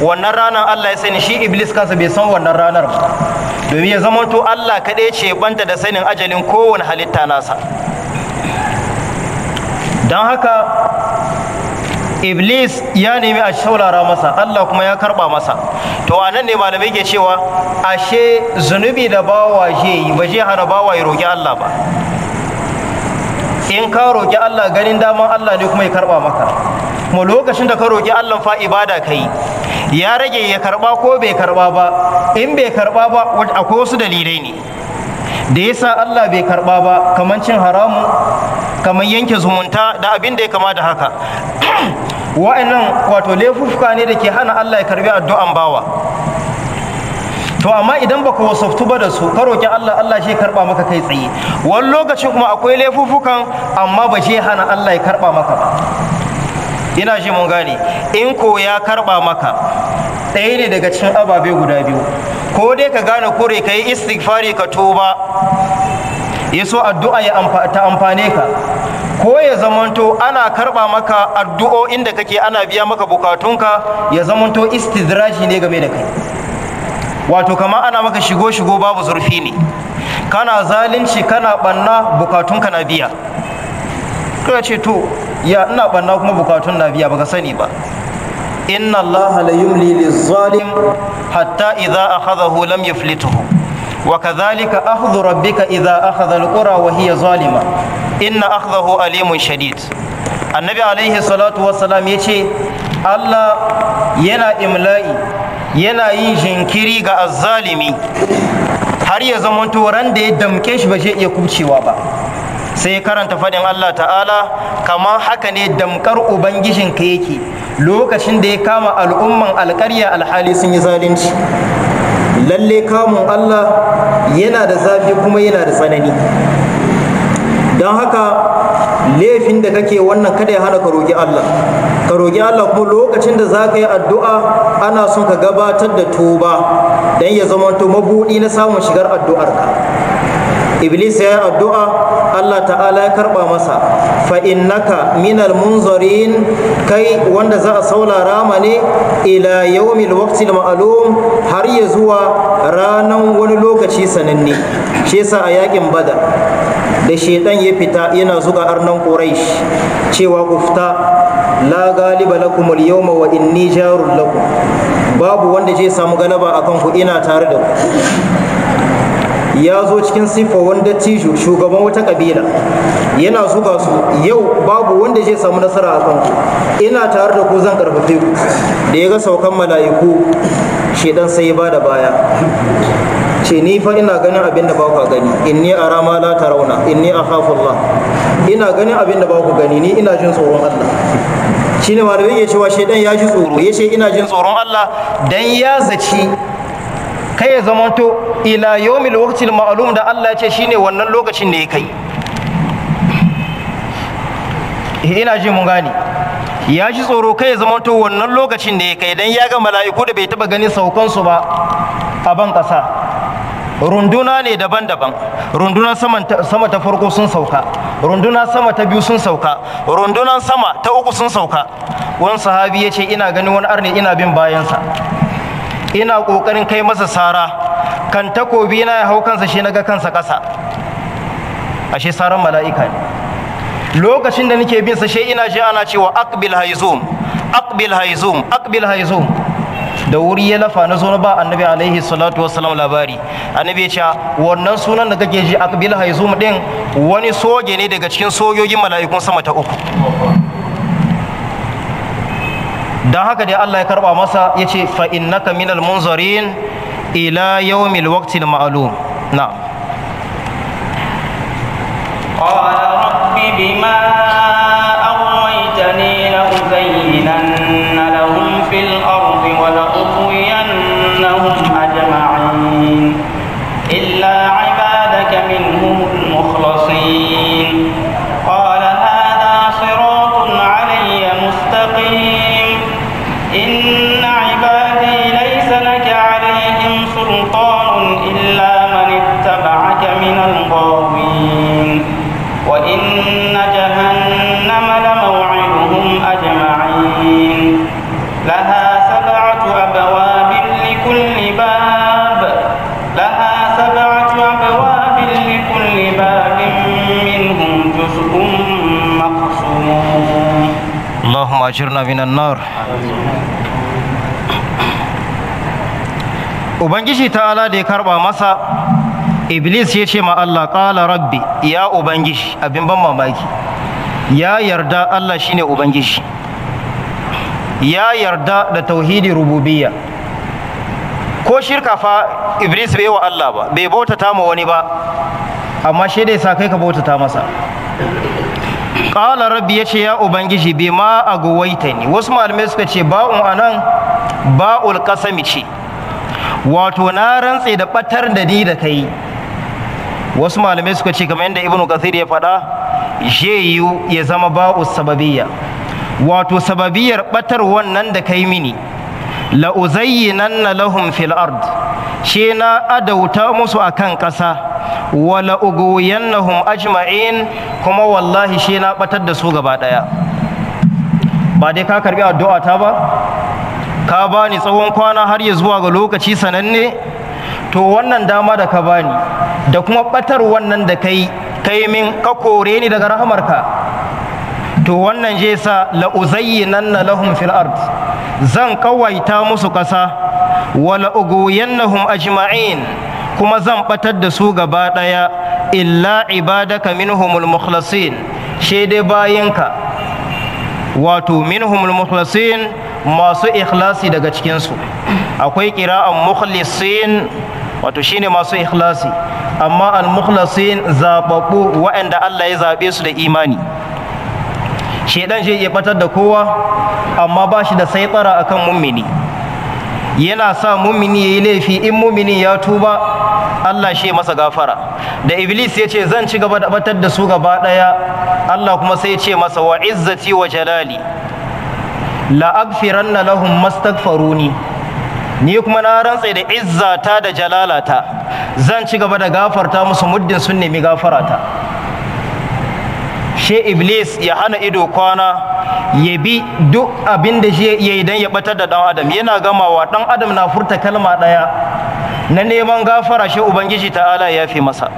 [SPEAKER 1] wannan ranar Allah ya sani shi iblis kansa bai san wannan ranar domin ya zama to Allah kaɗai ce banta da sanin ajalin kowane halitta nasa don haka iblis ya nemi a shaulara masa allah kuma ya karba masa to a nan ne malamai ke cewa ashe zunubi da bawa je yi ba je hana bawa ya roƙi allah ba in ka roƙi allah ganin daman allah ne kuma ya karba maka mu lokacin da ka roƙi allah fa ibada ka yi ya rage ya karba ko bai karba ba in bai karba ba akwai wasu dalilai ne da yasa allah bai karba ba kamar cin haramun kamar yanke zumunta da abin da ya kama da haka wa'annan wato laifuka ne da ke hana Allah ya karbi addu'an bawa to amma idan baka wasaftu ba da su ka roki Allah Allah shi karba maka kai tsaye wani lokacin kuma akwai laifufukan amma ba shi hana Allah ya karba maka ba ina shi mun gane in ko ya karba maka ɗaya ne daga cikin ababe guda biyu ko dai ka gane kure ka yi istighfari ka tuba ya so addu'a ya ta amfane ka ko ya zamanto ana karba maka addu'o inda kake ana biya maka bukatunka ya zamanto istidraji ne game da kai wato kama ana maka shigo shigo babu zurfi ne kana zalunci kana banna bukatunka na biya ya ce to ya ina banna kuma bukatun na biya baka sani ba inna allaha la yumli lizalim hatta idza akhadhahu lam yuflituhu wa kadhalika Rabbi rabbika iza akhadha alqura wa hiya zalima inna akhdahu alimun shadid annabi alaihi salatu wassalam ce, Allah yana imla'i yana yin jinkiri ga azzalimi har ya zama ran da ya damke shi ba zai iya kucewa ba sai ya karanta faɗin Allah ta'ala kama haka ne damkar ubangijinka yake lokacin da ya kama al'umman alƙarya alhali sun yi zalunci lalle kamun Allah yana da zafi kuma yana da tsanani don haka laifin da kake wannan kada ya hana ka roƙi Allah ka roƙi Allah kuma lokacin da za ka yi addu'a ana son ka gabatar da tuba don ya zama to mabuɗi na samun shigar addu'arka iblis ya yi addu'a allah ta'ala ya karba masa fa innaka minal munzarin kai wanda za a saurara ma ne ila yaumil waqtil ma'lum har ya zuwa ranan wani lokaci sananne shi yasa a yakin badar da shedan ya fita yana zuga arnan quraish cewa ku fita la galiba lakum al yawma wa inni jarul lakum babu wanda zai samu galaba akan ku ina tare da ku ya zo cikin siffa wanda tijo shugaban wata kabila yana suka su yau babu wanda zai samu nasara a kanku ina tare da ku zan karfafe ku da ya ga saukan mala'iku shedan sai ba da baya ce ni fa ina ganin abin da ba ku gani inni ara ma la tarawna inni akhafu Allah ina ganin abin da ba ku gani ni ina jin tsoron Allah shine malamin ya cewa shedan ya ji tsoro yace ina jin tsoron Allah dan ya zaci kai ya zamanto ila yawmil waqtil ma'lum da Allah ya ce shine wannan lokacin ne kai eh, ina ji mun gani ya ji tsoro kai ya zamanto wannan lokacin ne kai dan ya ga mala'iku da bai taba ganin saukansu ba a ban kasa runduna ne daban-daban runduna sama ta farko sun sauka runduna sama ta biyu sun sauka rundunan sama ta uku sun sauka wani sahabi ya ce ina ganin wani arne ina bin bayansa ina ƙoƙarin kai masa sara kan takobi na ya hau kansa shi na kansa ƙasa ashe saran mala'ika ne lokacin da nake bin sa shi ina ji ana cewa aqbil haizum aqbil haizum aqbil haizum da wuri ya lafa na zo na ba annabi alaihi salatu wassalam labari annabi ya ce wannan sunan da kake ji aqbil haizum din wani soje ne daga cikin sojojin mala'ikun sama ta uku don haka dai Allah ya karba masa ya ce fa innaka minal munzarin ila yawmil waqtil ma'lum na'am qala وأجرنا من النار Ubangiji ta'ala da ya karba masa Iblis ya ce ma Allah kala rabbi ya Ubangiji abin ban mamaki ya yarda Allah shine Ubangiji ya yarda da tauhidi rububiyya ko shirka fa Iblis bai wa Allah ba bai bautata ma wani ba amma shi dai sa kai ka bautata masa qala rabbi yace ya ubangiji bima aguwaitani wasu malamai suka ce ba'un anan ba'ul qasami ce wato na rantse da batar da ni da kai wasu malamai suka ce kamar yadda ibnu kathir ya faɗa yiwu ya zama ba'u sababiyya wato sababiyar batar wannan da kai mini la uzayyinanna lahum fil ard shi na adauta musu akan ƙasa wala ugwiyannahum ajma'in kuma wallahi shi na batar da su gaba daya ba dai ka karbi addu'a ta ba ka bani tsawon kwana har ya zuwa ga lokaci sananne to wannan dama da ka bani da kuma batar wannan da kai kai min ka kore ni daga rahamarka to wannan je sa la uzayyinanna lahum fil ard zan kawaita musu kasa wala ugwiyannahum ajma'in kuma zan batar da su gaba ɗaya illa ibadaka minhumul mukhlasin shi dai ka wato minhumul mukhlasin masu ikhlasi daga cikinsu akwai kira'an mukhlasin wato shine masu ikhlasi amma al-mukhlasin zababbu waɗanda Allah ya zabe su da imani shaidan shi ya batar da kowa amma ba shi da saitsara akan mummini yana sa mummini ya yi laifi in mummini ya tuba Allah shi masa gafara da iblis ya ce zan ci gaba da batar da su gaba daya Allah kuma sai ce masa wa izzati wa jalali la aghfiranna lahum mastaghfaruni ni kuma na rantse da izzata da jalalata zan ci gaba da gafarta musu muddin sun nemi gafarata she iblis ya hana ido kwana ya bi duk abin da shi ya yi don ya batar da dan adam yana gamawa dan adam na furta kalma daya na neman gafara shi ubangiji ta'ala ya fi masa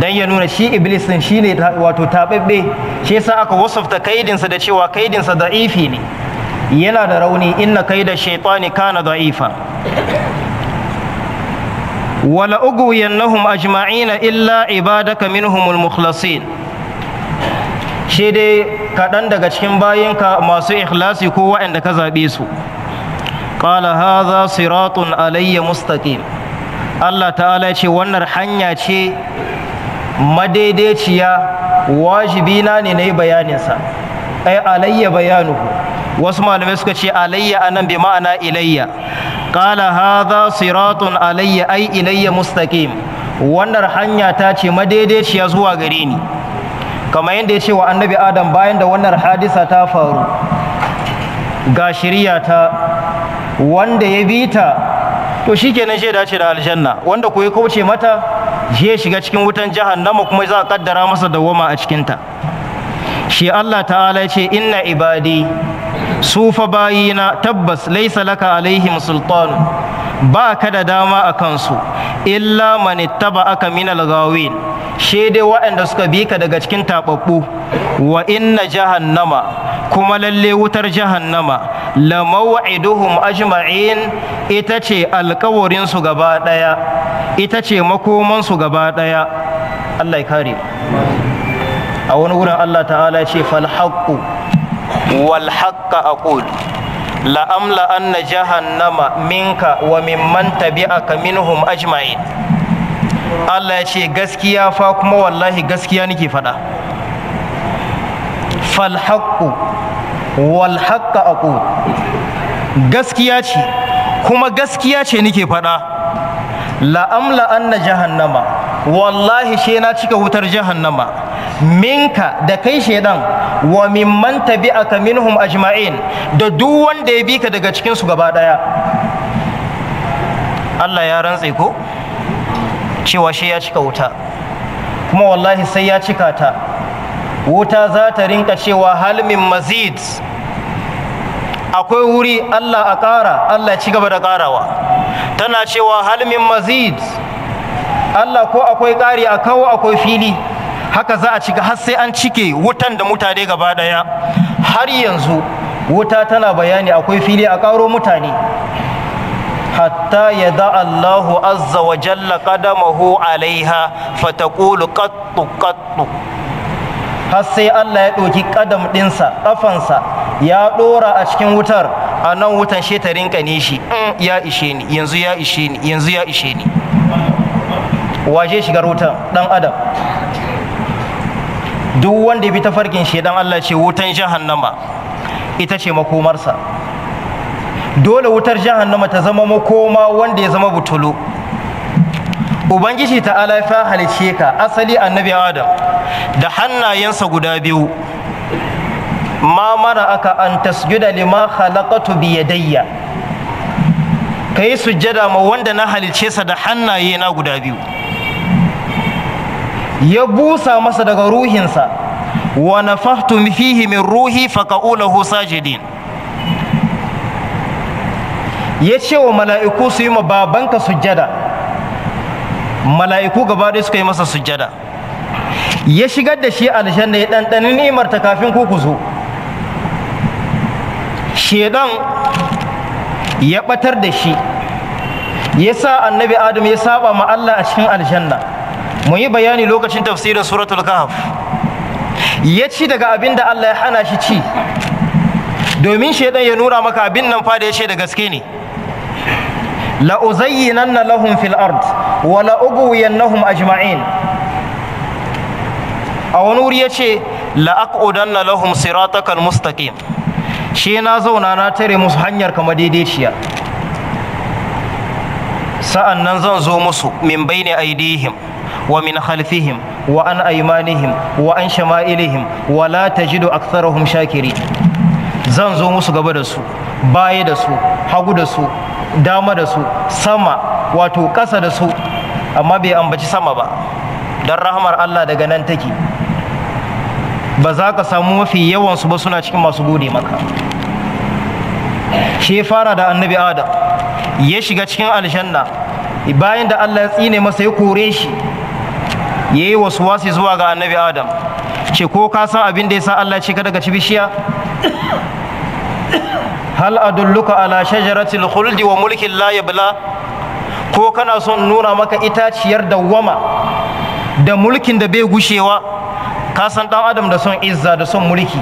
[SPEAKER 1] Don ya nuna shi iblis din ne wato taɓaɓe shi yasa aka wasafta kaidinsa da cewa kaidinsa da'ifi ne yana da rauni inna kaida shaitani kana da'ifa wala ugu ugwiyannahum ajma'ina illa ibadaka minhumul mukhlasin shi dai kaɗan daga cikin bayinka masu ikhlasi ko waɗanda ka zaɓe su qala hadha siratun alayya mustaqim Allah ta'ala ce wannan hanya ce madaidaiciya wajibi na ne na yi bayaninsa ai alayya bayanuhu wasu malamai suka ce alayya anan bi ma'ana ilayya qala hadha siratun alayya ay ilayya mustaqim wannan hanya ta ce madaidaiciya zuwa gare ni kamar yadda ya ce wa annabi adam bayan da wannan hadisa ta faru ga shirya ta wanda ya bi ta to shikenan shi dace da aljanna wanda ko ya kauce mata shi ya shiga cikin wutan jihar, jahannama kuma za a kaddara masa da goma a cikinta shi Allah ta'ala ya ce inna ibadi Sufa bayi bayina tabbas laisa laka alaihim sultan ba ka da dama a kansu illa man aka minal al shaidai waɗanda suka bi ka daga cikin tababbu wa inna jahannama kuma lalle wutar jahannama la maw'iduhum ajma'in ita ce alƙawarin gaba ita ce makomansu gaba Allah ya kare a wani wurin Allah ta'ala ya ce fal wal haqqa aqul la amla anna jahannama minka wa mimman tabi'aka minhum ajma'in Allah ya ce gaskiya fa kuma wallahi gaskiya nake faɗa fal haqqu wal haqqa aqul gaskiya ce kuma gaskiya ce nake faɗa la jahannama na cika wutar jahannama minka da kai shedan wa mimman tabi'aka minhum ajma'in da duk wanda ya bika daga cikin su gaba daya Allah ya rantse ko cewa shi ya cika wuta kuma wallahi sai ya cika ta wuta za ta rinka cewa halmin mazid akwai wuri Allah a ƙara Allah ci gaba da ƙarawa tana cewa halmin mazid Allah ko akwai ƙari a kawo akwai fili haka za a cika har sai an cike wutan da mutane gaba daya har yanzu wuta tana bayani akwai fili a karo mutane hatta ya da Allahu azza wa jalla qadamahu alaiha fataqulu qattu qattu har sai Allah ya ɗauki ƙadam ɗinsa ƙafansa ya ɗora a cikin wutar a nan wutan shi ta rinka ne shi mm, ya ishe ni yanzu ya ishe ni yanzu ya ishe ni waje shigar wutan ɗan adam duk wanda ya bi ta farkin shedan Allah ce wutan jahannama ita ce makomarsa dole wutar jahannama ta zama makoma wanda ya zama butulu ubangiji ta ya halice ka asali annabi adam da hannayensa guda biyu ma mara aka an tasjuda lima khalaqatu bi yadayya kai sujjada ma wanda na halice sa da hannaye na guda biyu ya busa masa daga ruhinsa wa nafahtu fihi min ruhi faqa'u lahu sajidin ya ce wa mala'iku su yi ma babanka sujjada mala'iku gaba ɗaya suka yi masa sujjada ya shigar da shi aljanna ya ɗanɗani ni'imar ta kafin ku zo shedan ya ɓatar da shi ya sa annabi adam ya saba ma Allah a cikin aljanna mun yi bayani lokacin tafsirin suratul kahf ya ci daga abin da Allah ya hana shi ci domin shaidan ya nura maka abin nan fa da ya ce da gaske ne la uzayyinanna lahum fil ard wa la ughwiyannahum ajma'in a wani wuri ya ce la aqudanna lahum siratakal mustaqim shi na zauna na tare musu hanyar kama daidaiciya sa'an nan zan zo musu min bayni aidihim Wa ومن wa وعن أيمانهم وعن شمائلهم ولا تجد أكثرهم شاكرين zan zo musu gaba da su baya da su hagu da su dama da su sama wato ƙasa da su amma bai ambaci sama ba don rahamar Allah daga nan take ba za ka samu mafi yawansu ba suna cikin masu gode maka shi fara da annabi adam ya shiga cikin aljanna bayan da Allah ya tsine masa ya kore shi yayi waswasi zuwa ga annabi adam ce ko ka san abin da ya sa Allah ce ka daga ci bishiya hal adulluka ala shajaratil khuldi wa mulkin la yabla ko kana son nuna maka itaciyar dawwama da mulkin da bai gushewa ka san dan adam da son izza da son mulki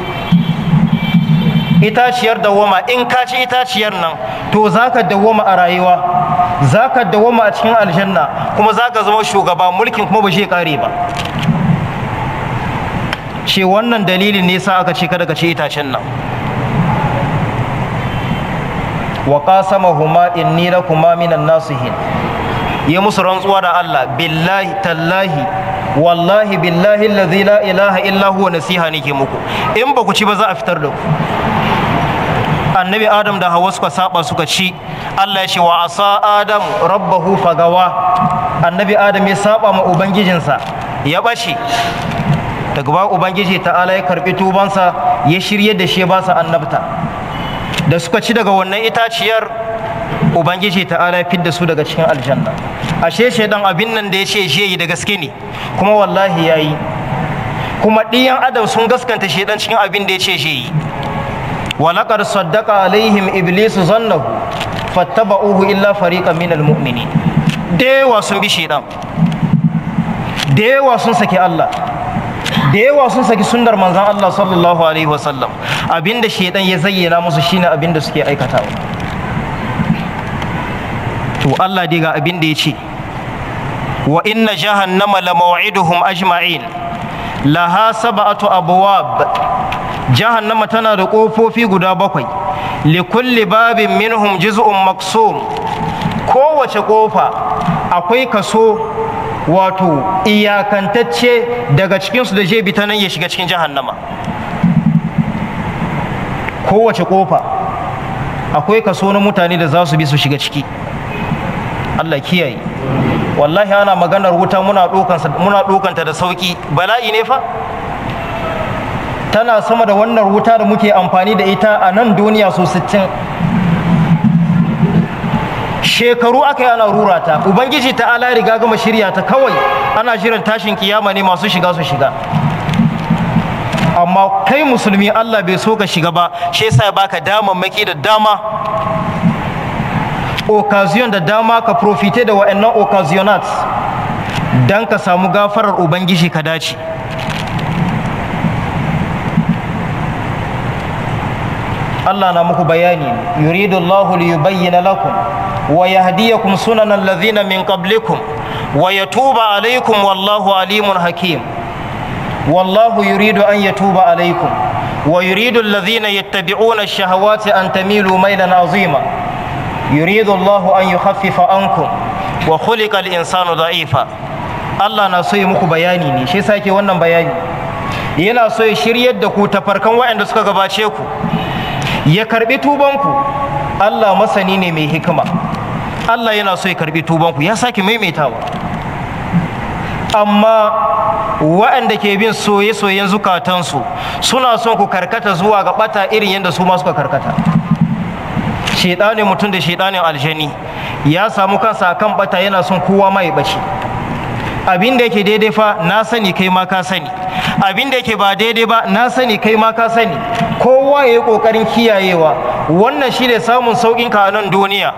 [SPEAKER 1] itaciyar dawoma in ka ci itaciyar nan to za ka dawoma a rayuwa za ka dawoma a cikin aljanna kuma za ka zama shugaba mulkin kuma ba shi kare ba ce wannan dalilin ne sa aka ce kada ka ci itacen nan wa qasamahuma inni lakum minan nasihin ya musu rantsuwa da Allah billahi tallahi wallahi billahi allazi la ilaha illa huwa nasiha nike muku in ba ku ci ba za a fitar da ku annabi adam da hawa suka saba suka ci allah ya ce wa asa adam rabbahu fagawa annabi adam ya saba ma ubangijinsa ya bashi daga ba ubangiji ta'ala ya karbi tubansa ya shirye da shi ba sa annabta da suka ci daga wannan itaciyar ubangiji ta'ala ya fidda su daga cikin aljanna ashe shaidan abin nan da ya ce shi yi da gaske ne kuma wallahi yayi kuma ɗiyan adam sun gaskanta shaidan cikin abin da ya ce shi yi ولقد صدق عليهم إبليس ظنه فاتبعوه إلا فريقا من المؤمنين ديوا سن بي شيطان ديوا سن سكي الله ديوا سن سكي سندر منزان الله صلى الله عليه وسلم أبين ده شيطان يزينا مسو شينا أبين ده سكي أي كتاب تو الله ديغا أبين ده يشي وإن جهنم لموعدهم أجمعين لها سبعة أبواب jahannama tana da ƙofofi guda bakwai likulli babin minhum juz'un maksum kowace ƙofa akwai kaso wato iyakantacce daga cikinsu da bi ta nan ya shiga cikin jahannama kowace ƙofa akwai kaso na mutane da za su bi su shiga ciki Allah kiyaye wallahi ana maganar wuta muna ɗokanta da sauƙi bala'i ne fa tana sama da wannan wuta da muke amfani da ita a nan duniya su sittin shekaru aka yi ana rura ta ubangiji ta ala riga gama shirya ta kawai ana jiran tashin kiyama ne masu shiga su shiga amma kai musulmi Allah bai so ka shiga ba shi yasa ya baka damammaki da dama occasion da dama ka profite da wa'annan occasionats don ka samu gafarar ubangiji ka dace Allah na muku bayani yuridu Allahu li yubayyana lakum wa yahdiyakum sunan alladhina min qablikum wa yatuba alaykum wallahu alimun hakim wallahu yuridu an yatuba alaykum wa yuridu alladhina yattabi'una ash-shahawati an tamilu maylan azima yuridu Allah an yukhaffifa ankum wa khuliqa al-insanu da'ifa Allah na so ya muku bayani ne shi yasa wannan bayani yana so ya shiryar da ku tafarkan waɗanda suka gabace ku ya karbi tubanku Allah masani ne mai hikima Allah yana so ya karbi tubanku ya sake maimaitawa amma waɗanda ke bin soye-soyen zukatansu suna son ku karkata zuwa ga ɓata irin yadda su ma suka karkata shedanin mutum da shedanin aljani ya samu kansa kan ɓata yana son kowa mai ya bace abin da yake daidai fa na sani kai ma ka sani abin da yake ba daidai ba na sani kai ma ka sani kowa ya yi ƙoƙarin kiyayewa wannan shi ne samun saukin ka a nan duniya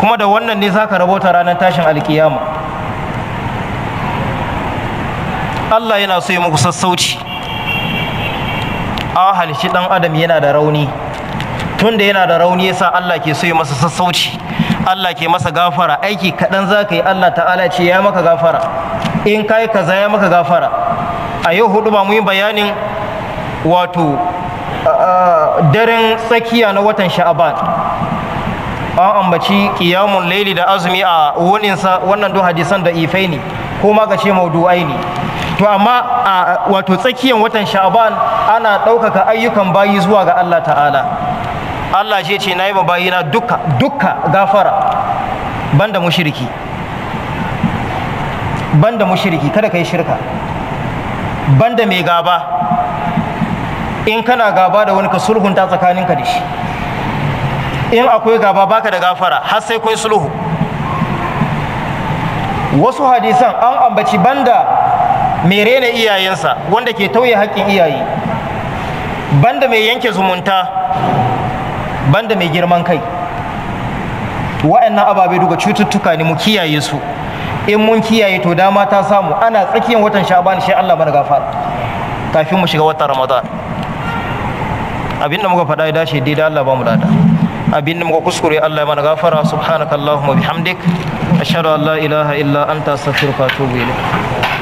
[SPEAKER 1] kuma da wannan ne zaka rabota ranar tashin alkiyama Allah yana so ya muku sassauci a halishi dan adam yana da rauni tunda yana da rauni yasa Allah ke so ya masa sassauci Allah ke masa gafara aiki kaɗan za ka yi Allah ta'ala ce ya maka gafara in ka yi kaza ya maka gafara a yau hudu ba mu bayanin wato daren tsakiya na watan sha'aban an ambaci kiyamun laili da azumi a wuninsa wannan don hadisan da ifai ne ko ma ce maudu'ai ne to amma a wato tsakiyan watan sha'aban ana ɗaukaka ayyukan bayi zuwa ga Allah ta'ala Allah shi ce na yi bayina duka duka gafara banda mushiriki banda mushiriki kada ka yi shirka banda mai gaba in kana gaba da wani ka sulhunta tsakaninka da shi in akwai gaba baka da gafara har sai kai sulhu wasu hadisan an ambaci banda mai rena iyayensa wanda ke tauye haƙƙin iyaye banda mai yanke zumunta banda mai girman kai wa'annan ababe duka cututtuka ne mu kiyaye su in mun kiyaye to dama ta samu ana tsakiyar watan sha'ban shi Allah mana gafa kafin mu shiga watan ramadan abinda muka faɗa ya dace da Allah ba mu lada abinda muka kuskure Allah ya mana gafara subhanakallahumma bihamdik ashhadu an la ilaha illa anta astaghfiruka wa atubu ilaik